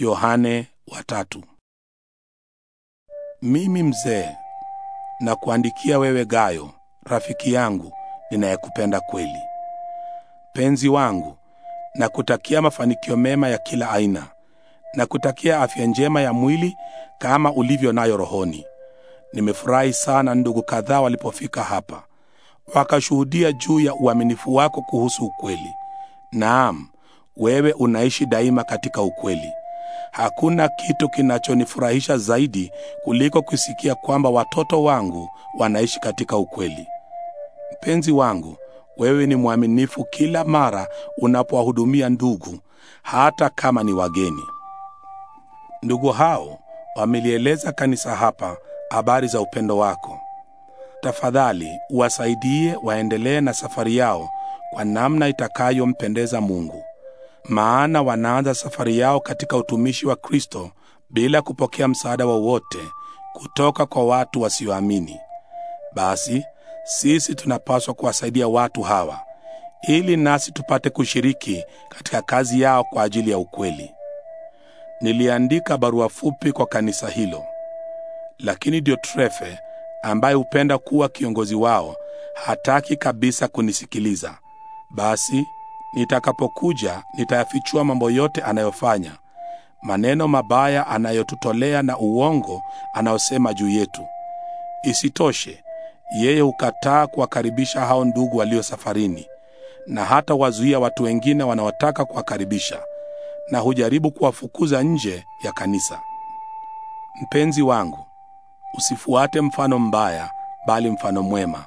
Yohane watatu. Mimi mzee na kuandikia wewe Gayo rafiki yangu ninayekupenda kweli, penzi wangu, na kutakia mafanikio mema ya kila aina, na kutakia afya njema ya mwili kama ulivyo nayo rohoni. Nimefurahi sana ndugu kadhaa walipofika hapa, wakashuhudia juu ya uaminifu wako kuhusu ukweli. Naam, wewe unaishi daima katika ukweli. Hakuna kitu kinachonifurahisha zaidi kuliko kusikia kwamba watoto wangu wanaishi katika ukweli. Mpenzi wangu, wewe ni mwaminifu kila mara unapowahudumia ndugu, hata kama ni wageni. Ndugu hao wamelieleza kanisa hapa habari za upendo wako. Tafadhali uwasaidie waendelee na safari yao kwa namna itakayompendeza Mungu maana wanaanza safari yao katika utumishi wa Kristo bila kupokea msaada wowote kutoka kwa watu wasioamini. Basi sisi tunapaswa kuwasaidia watu hawa ili nasi tupate kushiriki katika kazi yao kwa ajili ya ukweli. Niliandika barua fupi kwa kanisa hilo, lakini Diotrefe ambaye hupenda kuwa kiongozi wao hataki kabisa kunisikiliza. Basi Nitakapokuja nitayafichua mambo yote anayofanya, maneno mabaya anayotutolea na uongo anaosema juu yetu. Isitoshe, yeye hukataa kuwakaribisha hao ndugu walio safarini, na hata wazuia watu wengine wanaotaka kuwakaribisha, na hujaribu kuwafukuza nje ya kanisa. Mpenzi wangu, usifuate mfano mbaya, bali mfano mwema.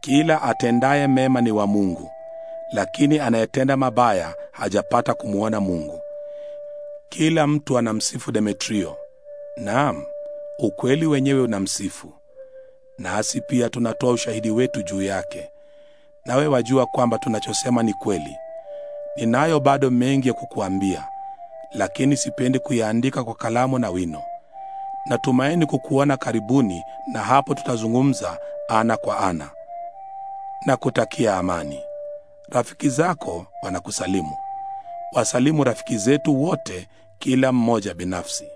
Kila atendaye mema ni wa Mungu, lakini anayetenda mabaya hajapata kumwona Mungu. Kila mtu anamsifu Demetrio. Naam, ukweli wenyewe unamsifu, nasi pia tunatoa ushahidi wetu juu yake, nawe wajua kwamba tunachosema ni kweli. Ninayo bado mengi ya kukuambia, lakini sipendi kuyaandika kwa kalamu na wino. Natumaini kukuona karibuni, na hapo tutazungumza ana kwa ana. Nakutakia amani rafiki zako wanakusalimu. Wasalimu rafiki zetu wote, kila mmoja binafsi.